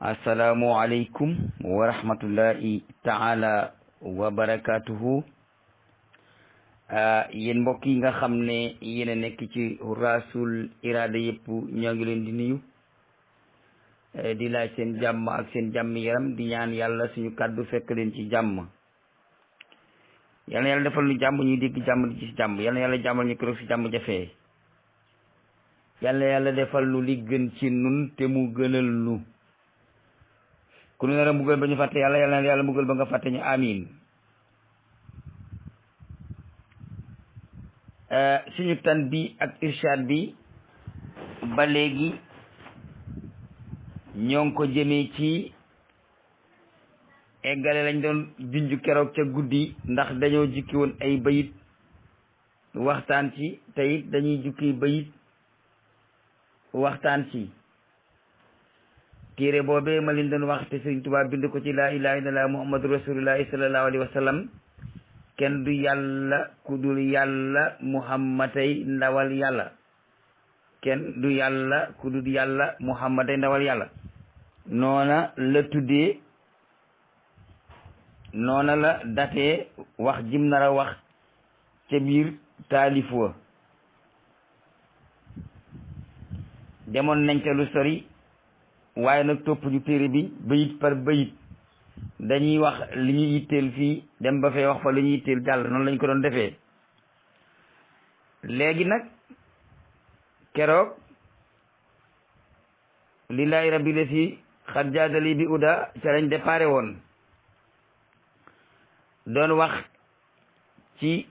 asalaamualeykum wa rahmatullahi taala wa barakatuhu ah, yéen mbokk yi nga xam ne yéen a nekk ci rasul irada yëpp ñoo ngi leen di nuyu eh, di laaj seen jàmm ak seen jàmm yaram di ñaan yàlla suñu kàddu fekk leen ci jàmm yal na yàlla defal ñu jàmm ñuy dégg jàmm di gis jàmm yal yàlla jàmmal ñu keroog si jàmm jafee yal yàlla defal nu li gën ci nun te mu gënal nu ku ñu nar a mbugal ba ñu fàtte yàlla yàlla na yàlla mbugal ba nga fàtte ñu amin euh, suñu tan bi ak irshad bi ba léegi ñoo ko jëmee ci eggale lañ doon junj keroog ca guddi ndax dañoo jukki woon ay bayit waxtaan ci te dañuy jukki bayit waxtaan ci téere boobee ma leen doon wax te Sëriñ Tuubaa bind ko ci laa ilaaha kenn du yàlla ku dul yàlla kenn du yàlla ku dul yàlla muhammaday ndawal yàlla noona la tuddee noona la datee wax jim nar a wax ca biir taalif wa demoon nañ sori waaye nag topp ñu téere bi bayit par bayit dañuy wax li ñuy yitteel fii dem ba fee wax fa li ñuy yitteel jàll noonu lañ ko doon defee léegi nag keroog lillahi rabbi la si xat jaadali bi uda ca lañ déparé woon doon wax ci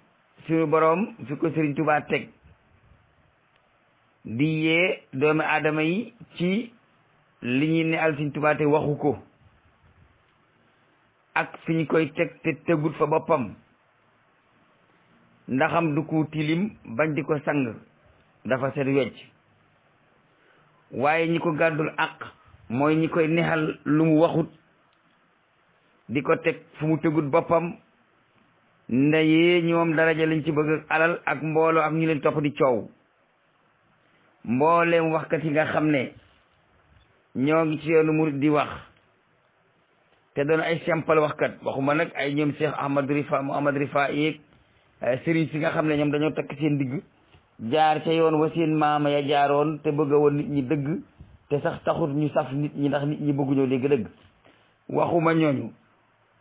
suñu boroom fi ko Sëriñ Tubaa teg di yee doomi aadama yi ci li ñuy ne al Sëñ waxu ko ak fi ñu koy teg te tegut fa boppam ndaxam du ko tilim bañ di ko sang dafa set wecc waaye ñi ko gàddul àq mooy ñi koy nexal lu mu waxut di ko teg fu mu tegut boppam ndeyee ñoom daraja lañ ci bëgg alal ak mbooloo ak ñu leen topp coow mbooleem waxkat yi nga xam ne ñoo ngi ci yoonu murid di wax te doon ay simple waxkat waxuma nag ay ñoom Cheikh Ahmad Rifa Muhammad Rifa yéeg sëriñ si nga xam ne ñoom dañoo takk seen digg jaar ca yoon wa seen maama ya jaaroon te bëgg woon nit ñi dëgg te sax taxut ñu saf nit ñi ndax nit ñi bëgguñoo dégg dëgg waxuma ñooñu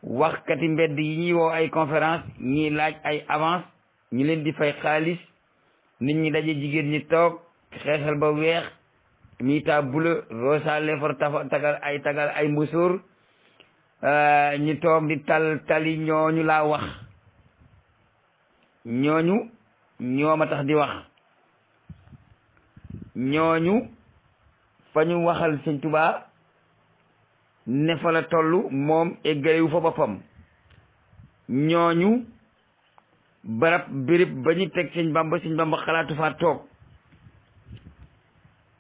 waxkati mbedd yi ñuy woo ay conférence ñiy laaj ay avance ñi leen di fay xaalis nit ñi daje jigéen ñi toog xeexal ba weex mita bula rosa lefor tagal ay tagal ay musóor eh, ñi toog di tal tali ñooñu laa wax ñooñu a tax di wax ñooñu fa ñu waxal sëñ Tuubaa ne fa la toll moom eggalewu fa boppam ñooñu barab birib ba ñu teg sëñ Bamba sëñ Bamba xalaatu faa toog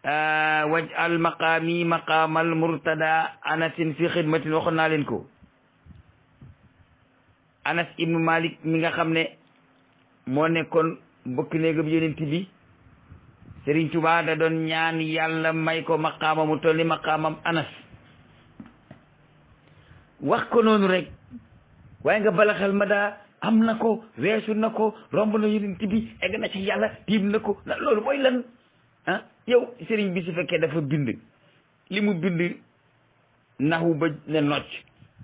Euh, waj'al maqaami maqaamal murtada anasin fi xidmatin waxoon naa leen ko anas ibnu malik mi nga xam ne moo nekkoon bokk néegam yonent bi Sëriñ Tuubaa doon ñaan yàlla may ko maqaama mu tolli maqaamam anas wax ko noonu rek waaye nga balaxal ma daa am na ko weesu na ko romb na yonent bi egg na ci yàlla tiim na ko loolu mooy lan Ah, yow sëriñ bi su fekkee dafa bind li mu bind naxu ba ne nocc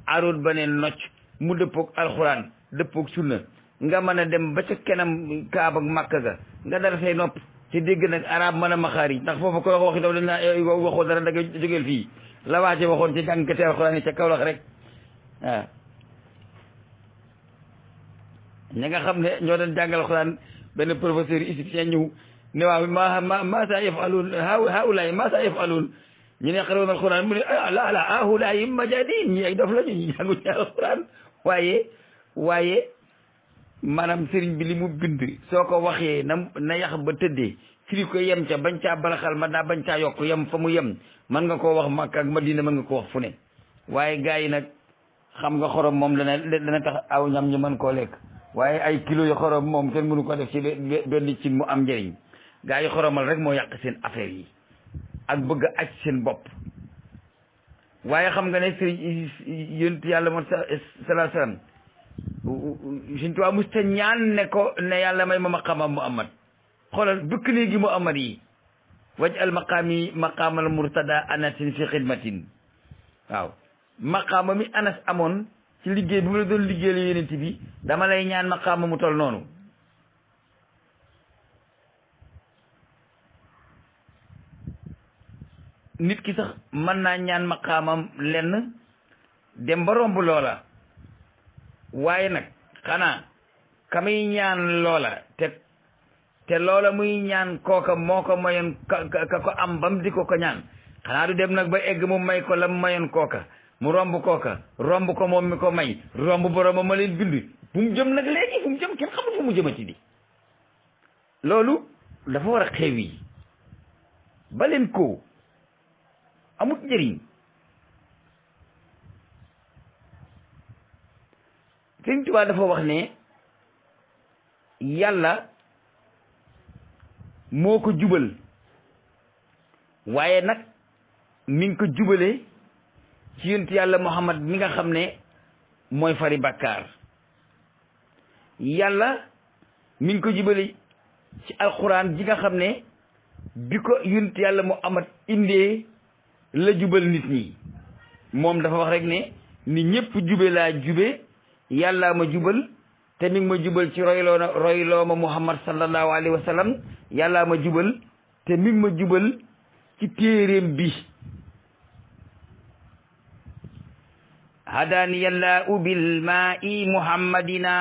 aroot ba ne nocc mu dëppoog alxuraan dëppoog sunna nga mën a dem ba ca kanam kaaba ak makka ga nga dara say nopp te dégg nag arab mën a maxaari ndax foofu ko wax wax itam dañ waxoo dara da nga jógeel fii la waa ci waxoon ci jàngkate alxuraan yi ca Kawlax rek waaw ña nga xam ne ñoo doon jàngal alxuraan benn professeur égyptien ñëw ne waaw ma ma ma sa yafaluun haulaay ma sa mu ne ah, la la haulaay majaadiin ñi ay dof lañu ñu jànguñu alquran waaye waaye maanaam sëriñ bi li mu bind soo ko waxee na na yax ba tëddee firi ko yem ca bañ caa baraxal man daa bañ caa yokk yem fa mu yem mën nga koo wax Makka ak Madina mën nga ko wax fu ne waaye gaa yi nag xam nga xorom moom dana dana tax aw ñam ñu mën koo lekk waaye ay kilo yu xorom moom kenn mënu ko def ci benn ci mu am njëriñ gaa yi xoromal rek moo yàq seen affaire yi ak bëgg aj seen bopp waaye xam nga ne sëriñ yonent yàlla moom salaa salaam suñ tuwaa mus ta ñaan ne ko ne yàlla may ma maqaamam muhammad xoolal bëkk léegi muhammad yi waj al maqaami maqaamal murtada anasin fi xidmatin waaw maqaama mi anas amoon ci liggéey bi mu la doon liggéeyal yonent bi dama lay ñaan maqaama mu toll noonu nit ki sax mën naa ñaan maqaamam lenn dem ba romb loola waaye nag xanaa ka muy ñaan loola te te loola muy ñaan kooka moo ko mayoon ka ka ko am bam di ko ko ñaan xanaa du dem nag ba egg mu may ko la mu mayoon kooka mu romb kooka romb ko moom mi ko may romb borooma ma leen bind fu mu jëm nag léegi fu mu jëm kenn xamul fu mu jëmati di loolu dafa war a xew yi ba leen ko amut njëriñ Sëriñ Tuubaa dafa wax ne yàlla moo ko jubal waaye nag mi ko jubale ci yonent yàlla Muhammad mi nga xam ne mooy fari bàkkaar yàlla mi ko jubale ci alxuraan ji nga xam ne bi ko yonent yàlla Muhammad indee la jubal nit ñi moom dafa wax rek ne ni ñëpp jube laa jube yàllaa ma jubal te mi ma jubal ci royloo royloo ma muhammad sallallahu alayhi wa sallam yàllaa ma jubal te mi ma jubal ci téeréem bi hadaani yàllaa ubil maa i muhammadina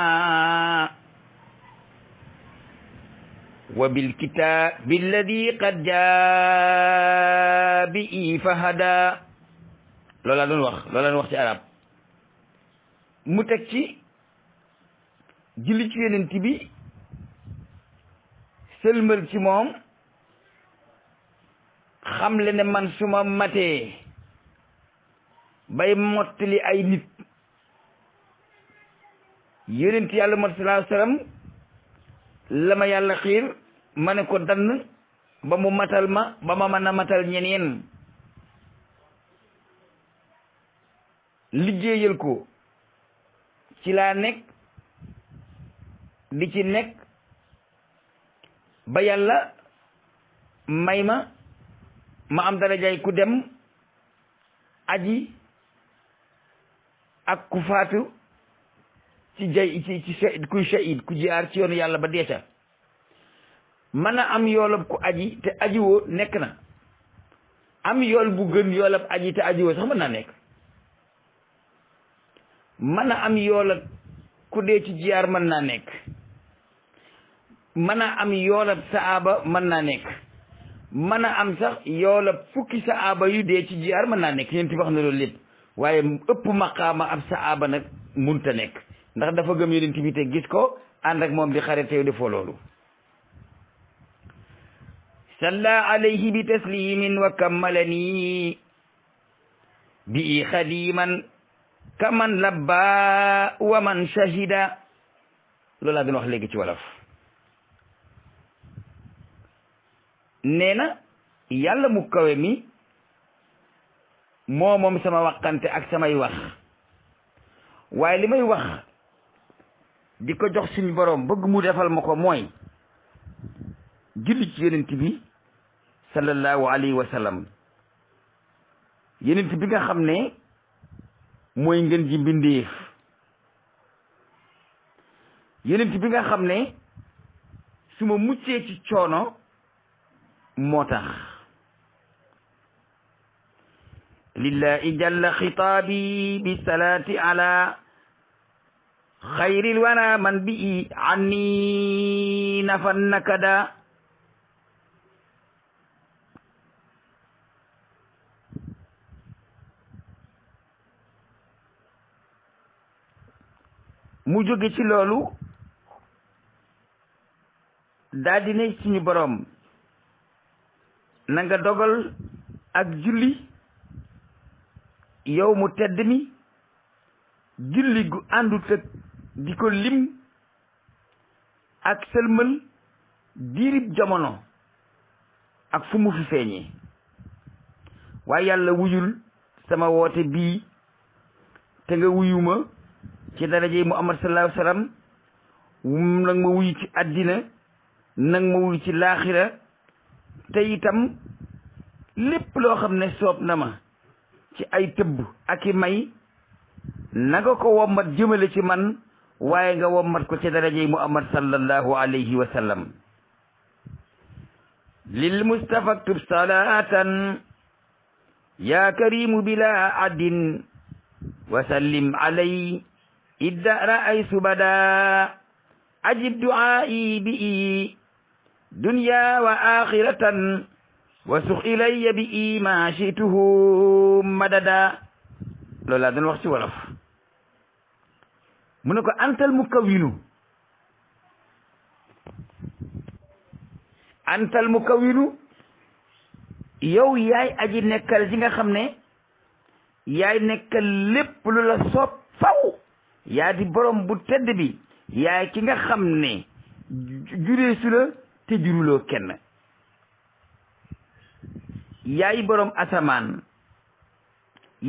wa bilkitaabi alladi qad jaa bi fahada loolu laa doon wax loolu laa wax ci arab mu teg ci julli ci yonent bi sëlmal ci moom xam le man su ma matee bay mottali ay nit yonent yàlla mat salaa sallam la ma yàlla xiir ma ne ko dann ba mu matal ma ba ma mën a matal ñeneen liggéeyal ko ci laa nekk di ci nekk ba yàlla may ma ma am darajay ku dem aji ak ku faatu ci jay ci ci kuy shahid ku jaar ci yoonu yàlla ba deeta mën a am yoolab ku aji te ajiwoo nekk na am yool bu gën yoolab aji te ajiwoo sax mën naa nekk mën a am yoola ku dee ci jiyaar mën naa nekk mën a am yoolab saaba mën naa nekk a am sax yoolab fukki saaba yu dee ci jiyaar mën naa nekk yéen ti wax na loolu lépp waaye ëpp maqaama ab saaba nag munta nekk ndax dafa gëm yonent bi te gis ko ànd ak moom di xare teew defoo loolu صلى عليه بتسليم وكملني بي خديما كمن لبى ومن شهد لولا دون wax léegi ci wolof nee na yàlla mu kawe mi moo moom sama waxante ak samay wax waaye li may wax di ko jox suñu boroom bëgg mu defal ma ko mooy julli ci yonent bi sallallahu alayhi wa sallam yenent bi nga xam ne mooy ngeen ji mbindéef yenent bi nga xam ne suma ma muccee ci coono moo tax lillahi jalla bi salaati ala xayril wana man bi i anni nakada mu jóge ci loolu daldi ne suñu boroom na dogal ak julli yow mu tedd mi julli gu àndu ak di ko lim ak sëlmal diirib jamono ak fu mu fi feeñee waaye yàlla wuyul sama woote bii te nga wuyuma ci daraje muhammad sallallahu alayhi wasallam nag ma wuyu ci àddina nag ma wuyu ci laaxira te itam lépp loo xam ne soob na ma ci ay tëbb ak i may naka nga ko wommat jëmale ci man waaye nga wommat ko ci daraje muhammad sallallahu alayhi wasallam lil mustafa aktub salaatan yaa karimu bila addin wa sallim alay idda ra'aytu bada ajib du'aa'i bi'i dunya wa akhiratan wa sux ilayya bi'i ma shi'tuhu madada loolu laa doon wax mu ne ko antal mukawwinu antal mukawwinu yow yaay aji nekkal ji nga xam ne yaay nekkal lépp lu la soob yaa boroom bu tedd bi yaay ki nga xam ne jureesu la te juruloo kenn yaay boroom asamaan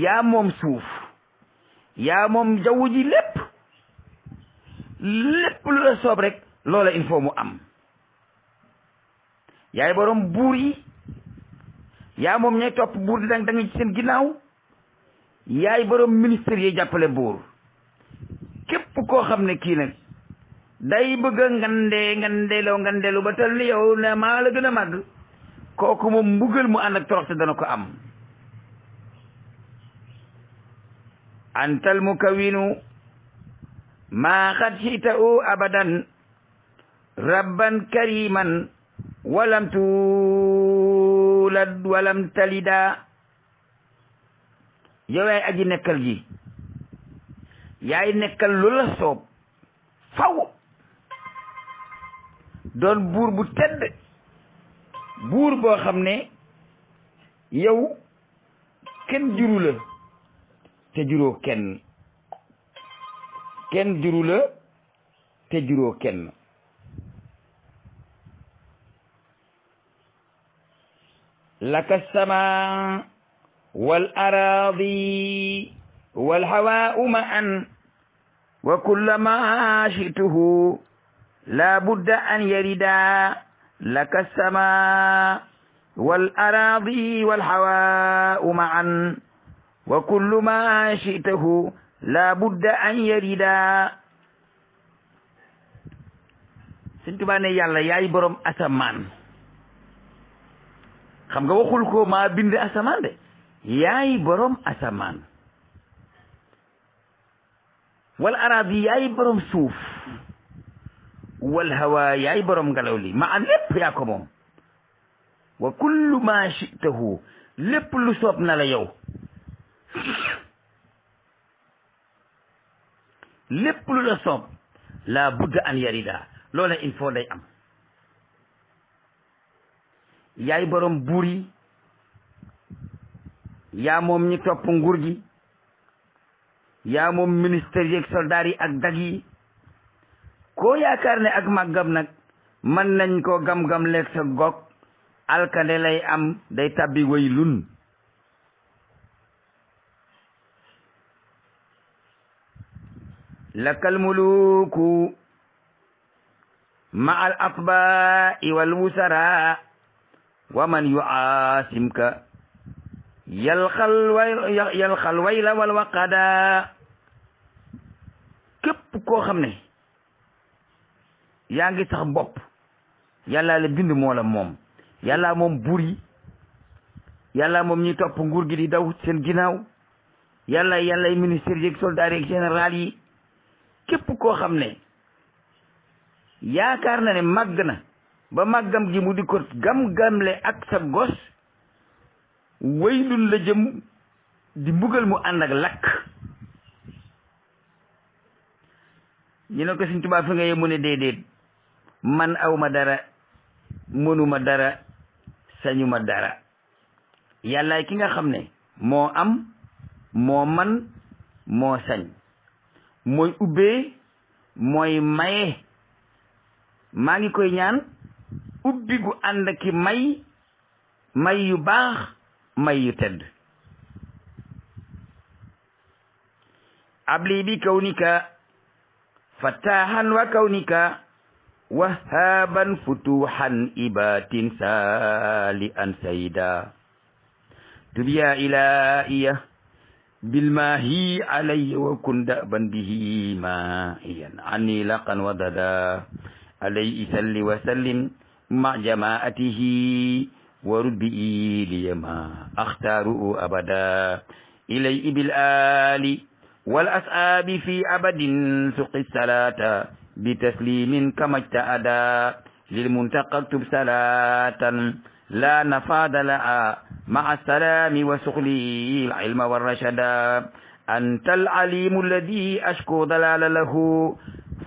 yaa moom suuf yaa moom jaww ji lépp lépp lu la soob rek loola mu am yaay boroom buur yi yaa moom ñay topp buur di dang ci seen ginnaaw yaay borom ministère yi jàppale buur képp koo xam ne kii nag day bëgg a ngandee ngandeeloo ba tal ni yow ne maa la gën a màgg kooku moom mbugal mu ànd ak toroxte dana ko am antal mukawinu maa xat siita u abadan rabban kariman walam tuulad walam talida yow yaay aji nekkal ji yaay nekkal lu la soob faw doon buur bu tedd buur boo xam ne yow kenn juru la te juróo kenn kenn juru la te juróo kenn laka sama wal araadi والهواء معا وكلما شئته لا بد أن يردا لك السماء والأراضي والهواء معا وكل ما شئته لا بد أن يردا Sëñ Tuubaa ne yàlla yaay borom asamaan xam nga waxul ko maa bind asamaan de yaay borom asamaan wala arab yi yaay suuf wal hawa yaay borom ngelaw li ma an lépp yaa ko moom wa kullu ma shitahu lépp lu soob na la yow lépp lu la soob la budda an yarida loola il faut day am yaay borom buur yaa moom ñi topp nguur gi yaa moom ministère yeeg soldaar yi ak dag yi koo yaakaar ne ak màggam nag mën nañ ko gam-gam leeg sa gog alkande lay am day tàbbi way lun lakal ma al atbaai wal wusara wa man yuaasimka yalxal way yalxal way la wal waqada képp koo xam ne yaa ngi tax bopp yàllaa la bind moo la moom yàlla moom buur yi yàllaa moom ñi topp nguur gi di daw seen ginnaaw yàlla yàllay ministère yeeg soldat yeeg général yi képp koo xam ne yaakaar na ne màgg na ba màggam gi mu di ko gam-gamle ak sa gos waylul la jëm di mbugal mu ànd ak lakk ñu ne ko Sëñ Tuubaa fi nga yem ne déedéet man awma dara mënuma dara sañuma dara yàllaay ki nga xam ne moo am moo man moo sañ mooy ubbee mooy maye maa ngi koy ñaan ubbi gu ànd ki may may yu baax may yu tedd abli bi kawnika fattahan wa kawnika wahaaban futuhan ibatin saali an sayda tubiya ilahiya بالماهي علي وكن دأبا به ماهيا عني لقا وددا علي سل وسلم مع جماعته وربي ليما أختار أبدا إلي بالآل والأصحاب في أبد سق الصلاة بتسليم كما اجتأدا للمنتقى اكتب صلاة لا نفاد لها مع السلام وسخلي العلم والرشدا أنت العليم الذي أشكو ضلال له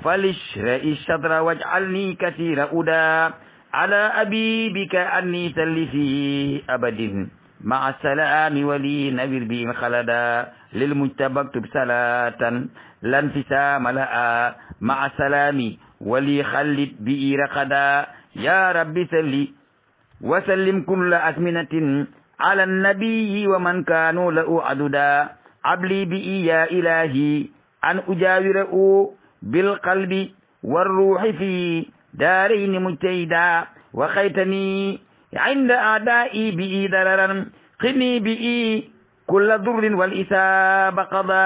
فلشرئ الشطر واجعلني كثير أدا ala abi bika anni sallifi abadin maa salaami wali nawir bi xalada lil mujtaba tub salatan lan fisaama laha maa salaami wali xallit bi raqada ya rabbi salli wa sallim kulla asminatin ala nabiyi wa man kaanu la u aduda abli bi ya ilahi an ujaawira u bilqalbi warruuxi fii daarayni mujtahida wa xaytani inda aadaa'i bi'i dararan qini bi'i kulla durrin wal isaaba qada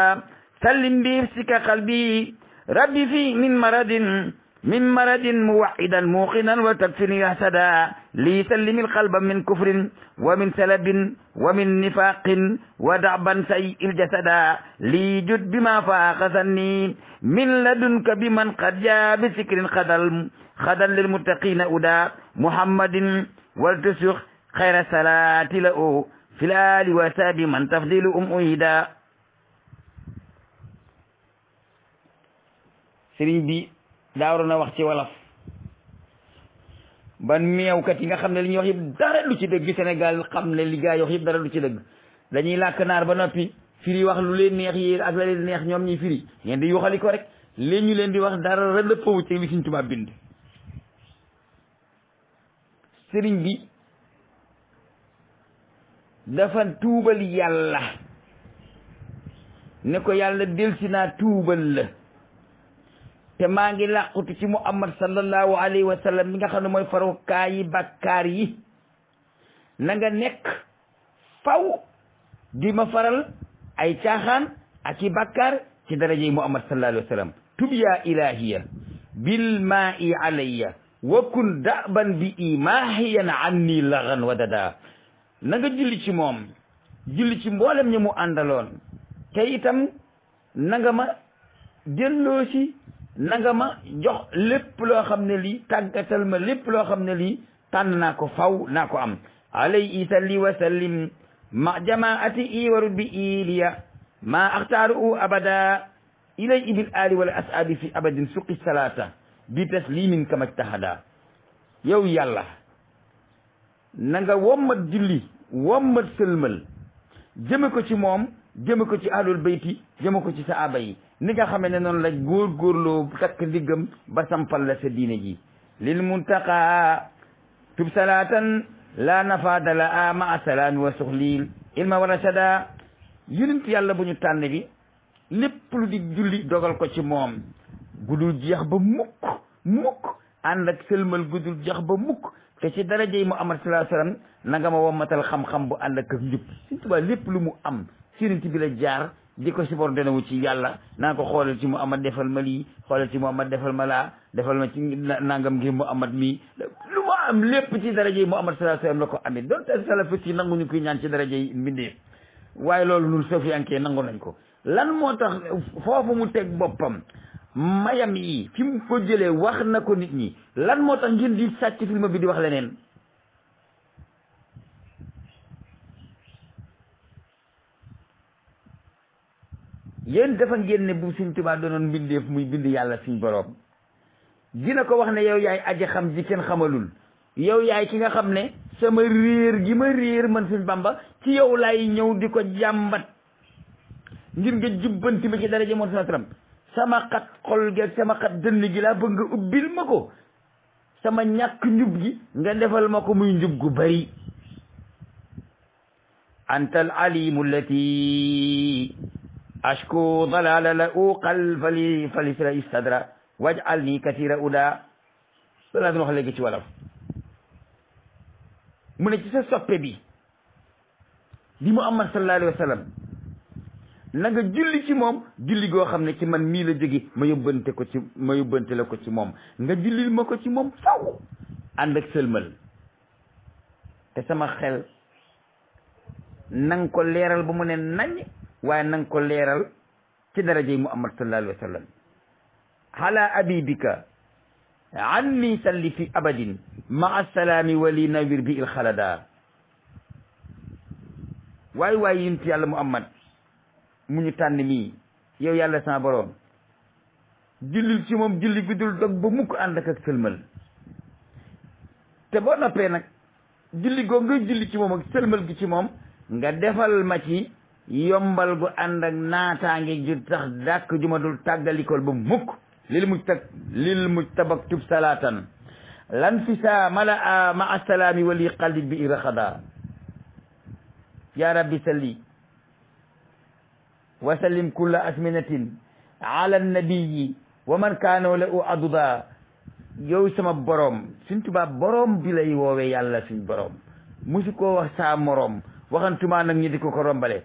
sallim bi ifsika qalbi rabbi fi min maradin min maradin muwaxidan muqinan wa takfini yahsada li sallimi alqalba min kufrin wa min salabin wa min nifaqin wa da'ban say'il jasada li jud bima faaqa sanni min ladunka biman qad jaa bi sikrin qadal xadan lil muttaqina uda muhammadin waltusux xayra salaati la o fi laali wa saabi man tafdilu um uyida sëriñ bi daawaroon na wax ci wolof ban meewkat yi nga xam ne li ñuy wax yëpp dara lu ci dëgg Sénégal xam ne li gaa yi wax yëpp dara lu ci dëgg dañuy làkk naar ba noppi firi wax lu leen neex yéen ak la leen neex ñoom ñuy firi ngeen di yuxali ko rek leen ñu leen di wax dara dëppoowu ci li suñ tubaab bind sëriñ bi dafa tuubal yàlla ne ko yàlla delsi naa tuubal la te maa ngi làqutu ci muhammad sallallahu alayhi wa sallam mi nga xam ne mooy farukaay yi bàkkaar yi na nga nekk faw di faral ay caaxaan ak i bàkkaar ci darajey muhammad sallallahu wa sallam tub yaa ilahiya bil maa i alayya wa kun daban bi imaahiyan anni laxan wadada na julli ci moom julli ci mboolem ñi mu àndaloon te itam na nga ma delloo si na ma jox lépp loo xam ne lii tàggatal ma lépp loo xam ne lii tànn naa ko faw naa ko am alay i salli wa sallim ma jamaati i waru bi iliya ma axtaaru abada ilay ibil ali wala asaabi fi abadin suqi salata bi taslimin kamajtahada yow yàlla na nga wommat julli wommat sëlmal jëme ko ci moom jëme ko ci ahlul bayti jëme ko ci saaba yi ni nga xamee ne noonu la góor góorloo takk ndiggam ba sampal la sa diine ji lil muntaqa tub salaatan la nafadala a maa salaan wa suxliil ilma wa rashada yonent yàlla bu ñu tànn bi lépp lu di julli dogal ko ci moom gudul jeex ba mukk mukk ànd ak sëlmal gudul jeex ba mukk te ci darajey Muhammad sallallahu alayhi wasallam na nga ma wammatal xam-xam bu ànd ak njub Sëriñ Tuubaa lépp lu mu am sëriñ bi la jaar di ko subordonné wu ci yàlla naa ko xoolal ci mu Muhammad defal ma lii xoolal ci Muhammad defal ma laa defal ma ci nangam ngir Muhammad mii lu ma am lépp ci darajey Muhammad sallallahu alayhi wasallam la ko amee donte salafis yi nanguñu koy ñaan ci darajey mbindeef waaye loolu ñun sofiyankee nangu nañ ko lan moo tax foofu mu teg boppam mayam yi fi mu ko jëlee wax na ko nit ñi lan moo tax ngeen di sàcc film bi di wax leneen yéen dafa ngeen ne bu Sëñ Tuubaa doonoon mbindeef muy bind yàlla suñ boroom dina ko wax ne yow yaay aji xam ji kenn xamalul yow yaay ki nga xam ne sama réer gi ma réer man suñ Bàmba ci yow laay ñëw di ko jàmbat ngir nga jubbanti ma ci daraja moom sama sama xat xol gi ak sama xat dënn gi laa bëgg nga ubbil ma ko sama ñàkk njub gi nga defal ma ko muy njub gu bari anta al alimu allati ashku dalala la uqal fali falisra istadra wajal ni katira uda lolaa doon wax léegi ci wolof mu ne ci sa soppe bi di muhammad sallallahu alayhi wa sallam na nga julli ci moom julli goo xam ne ci man mii la jóge ma yóbbante ko ci ma yóbbante la ko ci moom nga jullil ma ko ci moom saw ànd ak sëlmal te sama xel nang ko leeral ba mu ne nañ waaye nang ko leeral ci darajey mu sallallahu alayhi wa sallam ala abibika anni salli fi abadin ma assalaami wali nawir bi il xalada waay waay yunti yàlla muhammad mu ñu tànn mii yow yàlla sama boroom jullil ci moom julli bi dul dog ba mukk ànd ak ak sëlmal te boo noppee nag julli goo nga julli ci moom ak sëlmal gi ci moom nga defal ma ci yombal gu ànd ak naataange ju tax dàkk ju ma dul tàggalikool ba mukk lil muj tak lil muj tabak tub salaatan lan fi saa mala a ma asalaami wali qalib bi iraxada yaa rabbi salli wasallim kulla asminatin ala nabiyi wa man kaanoo la u aduda yow sama borom suñ tubaab boroom bi lay woowee yàlla suñ boroom si koo wax saa moroom waxantuma nag ñi di ko ko rombale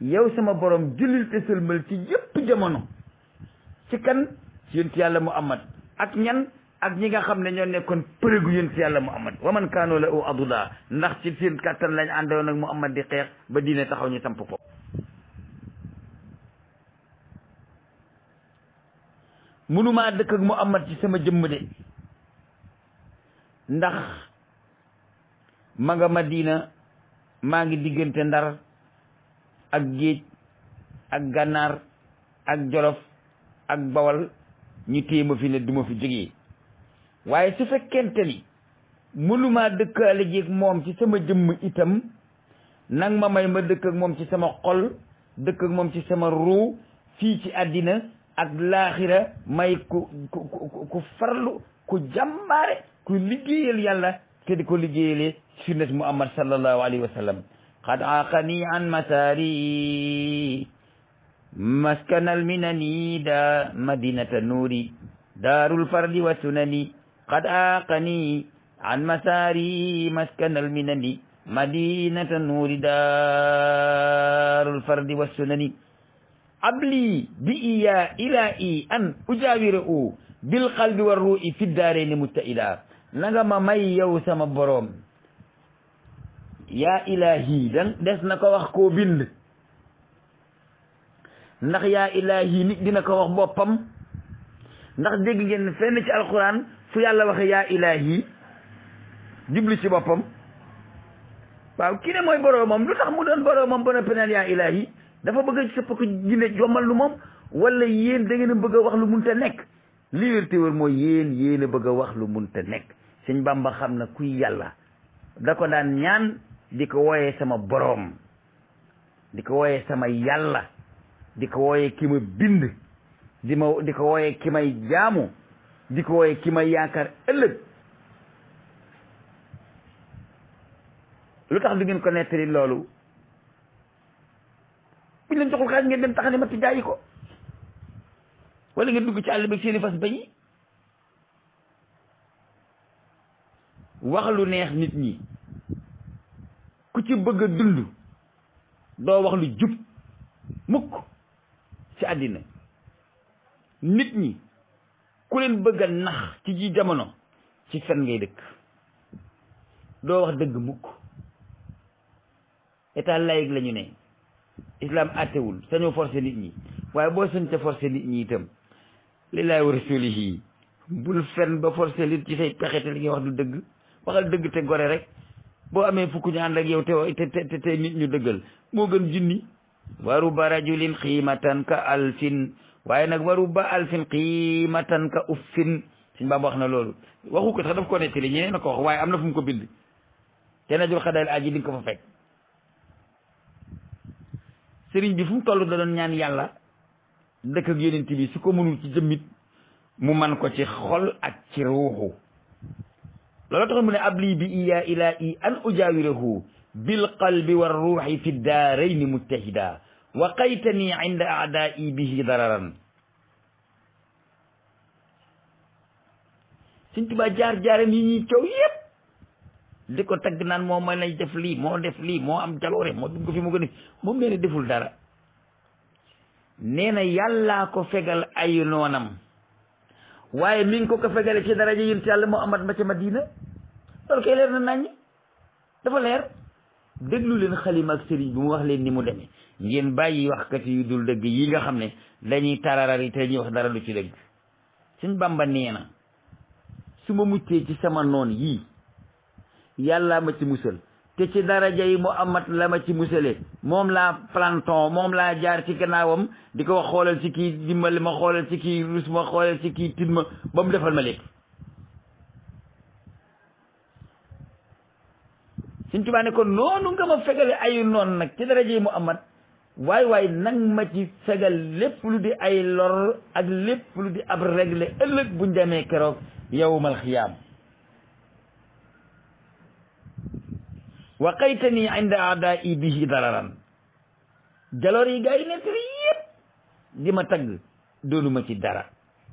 yow sama boroom jullil te sëlmal ci yépp jamono ci kan ci yonent yàlla muhammad ak ñan ak ñi nga xam ne ñoo nekkoon përigu yéen ci yàlla Muhammad waman kaano la u aduda ndax ci seen kàttan lañ àndoon ak Muhammad di xeex ba diine taxaw ñu samp ko mënumaa dëkk ak Muhammad ci sama jëmm de ndax ma nga Madina maa ngi diggante Ndar ak géej ak gànnaar ak Jolof ak Bawal ñu téye ma fi ne duma fi jógee waaye su fekkente ni mënumaa dëkkaale jeeg moom ci sama jëmm itam nang ma may ma dëkk ak moom ci sama xol dëkk ak moom ci sama ruu fii ci àddina ak laaxira may ku ku ku farlu ku jàmbaare ku liggéeyal yàlla te ko liggéeyale sunnat muhammad sallallahu alayhi wa sallam qad aqani an masaari maskanal minani da madinata nuuri daarul fardi wa قد آقني عن مساري مسكن المنن مدينة نور دار الفرد والسنن أبلي بإيا إلائي أن أجاور بالقلب والروح في الدارين متئلا نغم مي يوسم بروم yaa ilaahi dan des na ko wax koo bind ndax yaa ilaahi nit dina ko wax boppam ndax dégg ngeen fenn ci alquran fu yàlla waxe yaa ilaahi jubli ci boppam waaw kii ne mooy boroomam lu tax mu doon boroomam ba noppi naan yaa ilaahi dafa bëgg a sëpp ko jinde jommal lu moom wala yéen da ngeen bëgg a wax lu munta nekk li wér te wér mooy yéen yéen a bëgg a wax lu munta nekk sëñ Bàmba xam na kuy yàlla da ko daan ñaan di ko wooyee sama boroom di ko wooyee sama yàlla di ko wooyee ki ma bind di ma di ko wooyee ki may jaamu di ko wooye ki may yaakaar ëllëg lu tax du ngeen ko nettali loolu buñ leen joxul xaalis ngeen dem taxane matt jaayi ko wala ngeen dugg ci àll bi seeni fas bañi wax lu neex nit ñi ku ci bëgg a dund doo wax lu jub mukk ci àddina nit ñi ku leen bëgg a nax ci ji jamono ci fen ngay dëkk doo wax dëgg mukk état laïque la ñu ne islam àttewul sañoo forcer nit ñi waaye boo sañ ca forcer nit ñi itam lillaay wa rasulihi bul fen ba forcer nit ci say pexe te li ngay wax du dëgg waxal dëgg te gore rek boo amee fukk ñu ànd ak yow te te te nit ñu dëggal moo gën junni waru barajulin xiimatan ka alfin waaye nag waru ba alfin qiimatan ka uffin suñ baam wax na loolu waxu ko sax daf ko nettali ñeneen na ko wax waaye am na fu ko bind te najul xadal aji di ko fa fekk sëriñ bi fu mu toll da doon ñaan yàlla dëkk ak yonent bi su ko mënul ci jëmmit mu man ko ci xol ak ci ruuxu loolu tax mu ne abli bi iya ilaa i an ujaawirahu bil qalbi war ruuxi fi daarayni mujtahida waqaytani inda aadai bihi dararan Sëñ Tuubaa jaar-jaaram yi ñuy coow yépp di ko tagg naan moo ma lay def lii moo def lii moo am jaloore moo dugg fi mu gën a moom nee na deful dara nee yàllaa ko fegal ay noonam waaye mi ko ko fegale ci daraja yén ci yàlla mu amat ma ca Madina loolu koy leer na naññ dafa leer déglu leen xalima ak sëriñ bi mu wax leen ni mu demee ngeen bàyyi waxkat yu dul dëgg yi nga xam ne dañuy yi te ñuy wax dara lu ci dëgg suñ bamba nee na su ma muccee ci sama noon yii yàllaa ma ci musal te ci daraja yi Muhammad la ma ci musale moom laa planton moom laa jaar ci gannaawam di ko wax xoolal ci kii dimbali ma xoolal ci kii rus ma xoolal ci kii tin ma ba mu defal ma léegi suñ tubaa ne ko noonu nga ma fegale ayu noon nag ci daraja yi Muhammad waay waay nag ma ci fegal lépp lu di ay lor ak lépp lu di ab réglé ëllëg buñ demee keroog yawmal xiyaam waqayta nii inda aada i bihi dararan jaloor yi gaa yi nekk yëpp di ma tagg doonu ci dara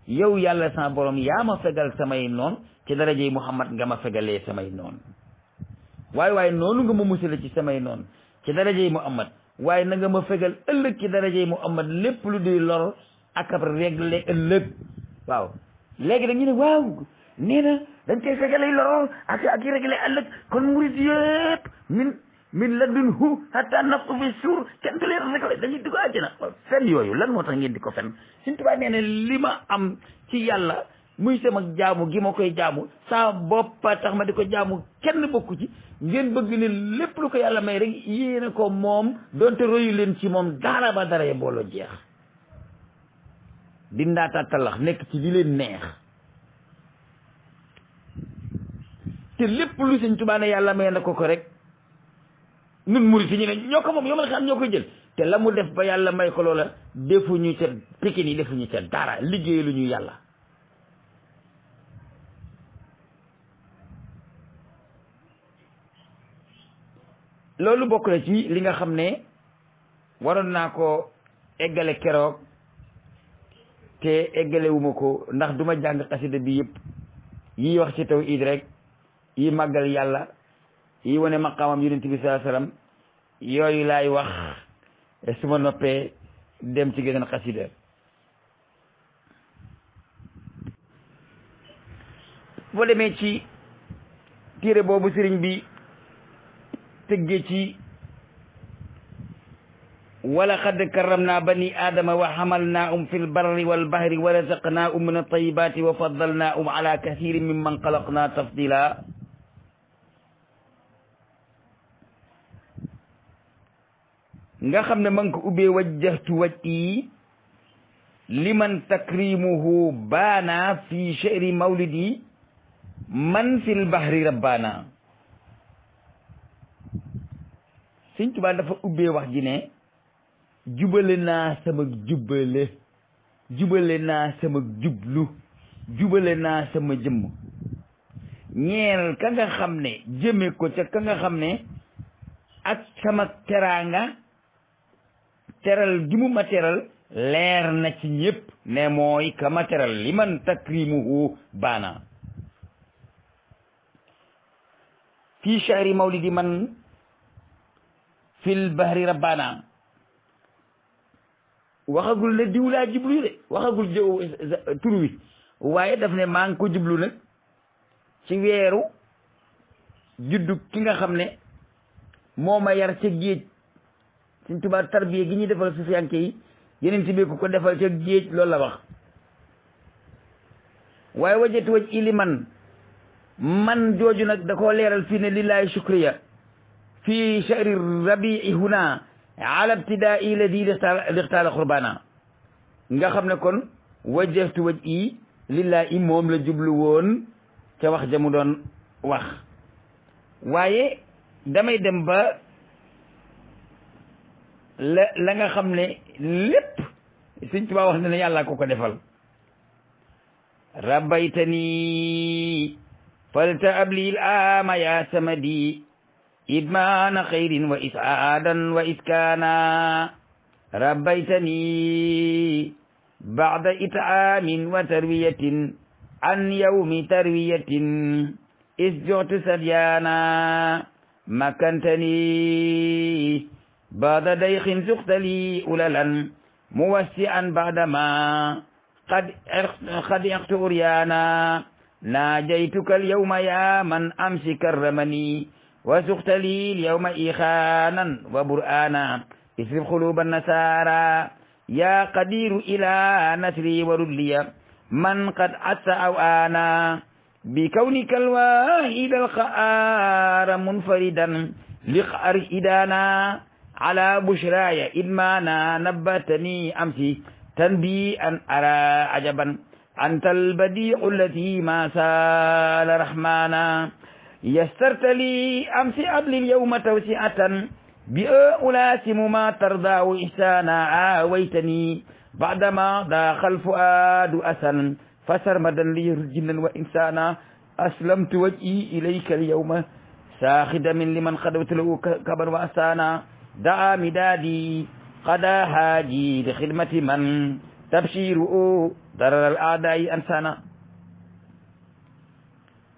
yow yàlla sa borom yaa ma fegal samay noon ci darajey muhammad nga ma fegalee samay noon waaye waaye noonu nga ma musale ci samay noon ci darajey muhammad waaye na nga ma fegal ëllëg ci darajey Muhammad lépp lu di lor ak ab réglé ëllëg waaw léegi dañu ne waaw nee dañ koy fegal ay lor ak ak réglé ëllëg kon murid yëpp min min ladunhu hatta naftu fi suur kenn du leen réglé dañuy dugg àjjana fen yooyu lan moo tax ngeen di ko fen Sëñ Tuubaa nee na li ma am ci yàlla muy sama jaamu gi ma koy jaamu saa boppa tax ma di ko jaamu kenn bokku ci ngeen bëgg ne lépp lu ko yàlla may rek yéene ko moom donte royu leen ci moom dara ba dara ya booloo jeex di ndaata nekk ci li leen neex te lépp lu sëñ Tuubaa yàlla may na ko ko rek nun murit yi ñu ne ñoo ko moom yomal xam ñoo ko jël te la mu def ba yàlla may ko loola defuñu ca pikin yi ñu ca dara liggéey lu ñu yàlla loolu bokk na ci li nga xam ne waroon naa ko eggale keroog te eggale ko ndax duma ma jàng xasida bi yëpp yi wax ci taw iid rek yi màggal yàlla yi wane maqaamam yonent bi salaa salaam yooyu laay wax su ma noppee dem ci geneen xasida boo demee ci téere boobu sëriñ bi tëggee ci wala xad karamna bani aadama wa xamalnaahum fi lbarri walbahri wa razaqnaahum min altayibaati wa faddalnaahum ala kathirin mimman xalaqna tafdila nga xam ne man ko ubbee wajjahtu wajhi liman takrimuhu baana fi sheri mawlidi man fi lbahri rabbaana sëñ Tuubaa dafa ubbee wax ji ne jubale naa sama jubbale jubale naa sama jublu jubale naa sama jëmm ñeel ka nga xam ne jëme ko ca ka nga xam ne ak sama teraanga teral gi mu ma teral leer na ci ñépp ne mooy ka teral li man takrimuhu baana fii shahri mawlidi man fil bahri rabbana waxagul ne diw laa jublu de waxagul eh, eh, tur wi waaye def ne maa ngi ko jublu nag ci weeru juddu ki nga xam ne moo ma yar ca géej suñ tubaab tarbiya gi ñuy defal sufiyanke yi yeneen si ko defal ca géej loolu la wax waaye wajatu waj iliman man jooju nag da ko leeral fii ne lillahi shukriya في شهر الربيع هنا على ابتداء الذي lixtaala xurbana nga xam ne kon wajjahtu wajhi lillahi moom la jublu woon ca wax ja mu doon wax waaye damay dem ba la la nga xam ne lépp Sëñ Tuubaa wax ne ne yàlla ko ko defal rabbaytani falta ablil ama ya samadi idmaana xayrin wa isaadan wa iskaana rabbaytani bada itaamin wa tarwiyatin an yawmi tarwiyatin is joxtu sadyaana makkantani bada dayxin suxtali ulalan muwassi an badama qad qad ixtu uryaana naajaytuka alyawma yaa man amsi karramani وسخت لي اليوم إيخانا وبرآنا اسرف قلوب النسارى يا قدير إلى نسري وردلي من قد عس أو آنا بكونك الواحد الخآر منفردا لقأر إدانا على بشراي إدمانا نبتني أمسي تنبيئا أرى عجبا أنت البديع الذي ما سال رحمانا yastartali am si ablil yawma tawsi'atan bi ulaasimu ma tardaawu ihsaana aawaytani baadama daaxal fuaadu asan fasarmadan li rujjinan wa insaana aslamtu wajhi ilayka alyawma saaxidamin liman xadawtu lahu kaban wa asaana daa midaadi qadaa haaji li xidmati man tabshiru darar al aadaayi ansaana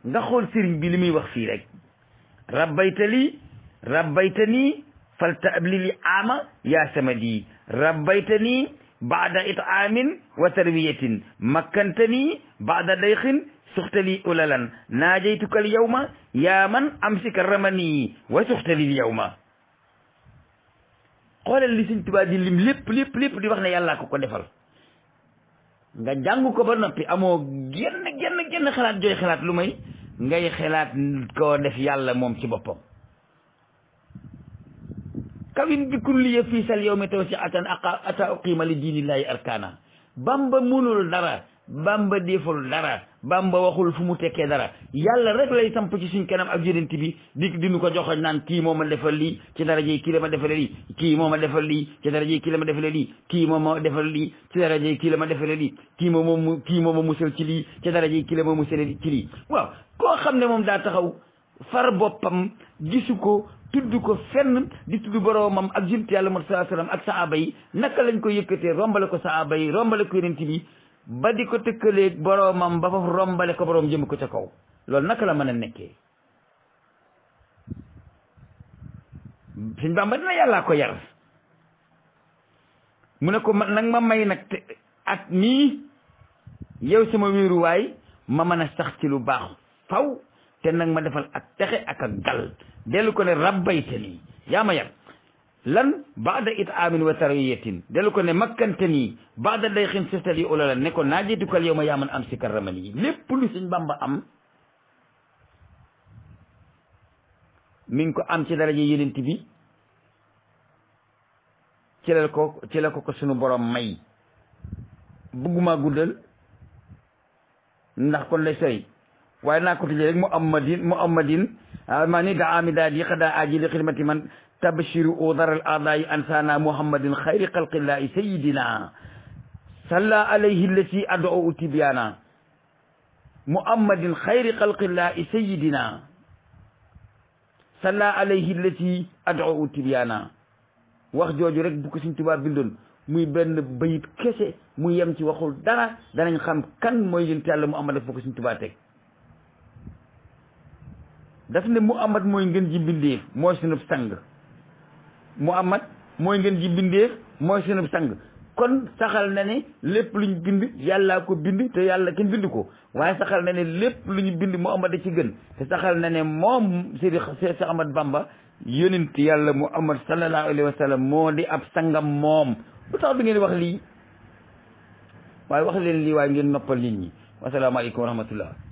nga xool sëriñ bi li muy wax fii rek rabbaytali rabbaytani falta ablili ama yaa samadi rabbaytani baada itaamin wa tarwiyatin makkantani baada dayxin suxtali ulalan naajaytukal yawma yaa man amsika ramani wa suxtalil yawma xoolal li suñ lim lépp lépp lépp di wax ne yàllaa ko ko defal nga jàng ko ba noppi amoo genn genn genn xalaat jooy xalaat lu may ngay xelaat koo def yàlla moom ci boppam kawin bi kulliya fii sal yow mi taw si atan ata uqima li diinillahi arkana bamba munul dara bamba deful dara bamba waxul fu mu tekkee dara yàlla rek lay samp ci suñ kenam ak yonent bi di diñu ko joxoñ naan kii moom ma defal lii ci daraje kii la ma defale lii kii moom ma defal lii ci daraje kii ma defale lii kii moo ma defal kii la ma defale lii kii moo ma kii moo ma musal ci lii ci daraje kii la ma musal ci lii waaw koo xam ne moom daa taxaw far boppam gisu ko tudd ko fenn di tudd boroomam ak yonent yàlla Muhammad sallallahu alayhi wasallam ak sahaaba yi naka lañ ko yëkkatee rombale ko sahaaba yi rombale ko yonent bi ba di ko tëkkaleeg boroomam ba fa rombale ko boroom jëm ko ca kaw loolu naka la mën a nekkee sëñ Bàmba dina yàllaa ko yar mu ne ko nag ma may nag te at mii yow sama wéeruwaay ma mën a sax ci lu baax faw te nag ma defal ak texe ak ak dal dellu ko ne rabbayte nii yaa ma yar lan baada it amin wa tarwiyatin delu ko ne makkante nii baada day xin sirtal yi ulala ne ko naajetukal yow ma yaaman am si karraman yi lépp lu suñ bamba am mi ko am ci daraja yonent bi ci ko ci ko ko sunu borom may bëgguma guddal ndax kon lay sori waaye naa ko tëjee rek mu am madin mu am ah, maa ni da ami daal yi xadaa aji li man tabshiru udar al adayi ansana muhammadin khayri khalqillahi sayyidina salla alayhi allati ad'u tibyana muhammadin khayri khalqillahi sayyidina salla alayhi allati ad'u tibyana wax jooju rek bu ko Sëñ Tuubaa bindoon muy benn bayit kese mu yem ci waxul dara danañ xam kan mooy yonent Yàlla Muhammad ak bu ko Sëñ Tuubaa teg daf ne Muhammad mooy ngeen ji mbindeef mooy sunub sang muhammad mooy ngeen ji bindeef mooy sunu sang kon saxal na ne lépp lu ñu bind yàllaa ko bind te yàlla kenn bind ko waaye saxal na ne lépp lu ñu bind muhammad a ci gën te saxal na ne moom Seydi Cheikh Ahmad Bamba yonent yàlla muhammad sallallahu alayhi wa moo di ab sangam moom lu tax du ngeen wax lii waaye wax leen lii waaye ngeen noppal nit ñi wasalaamaaleykum wa rahmatullah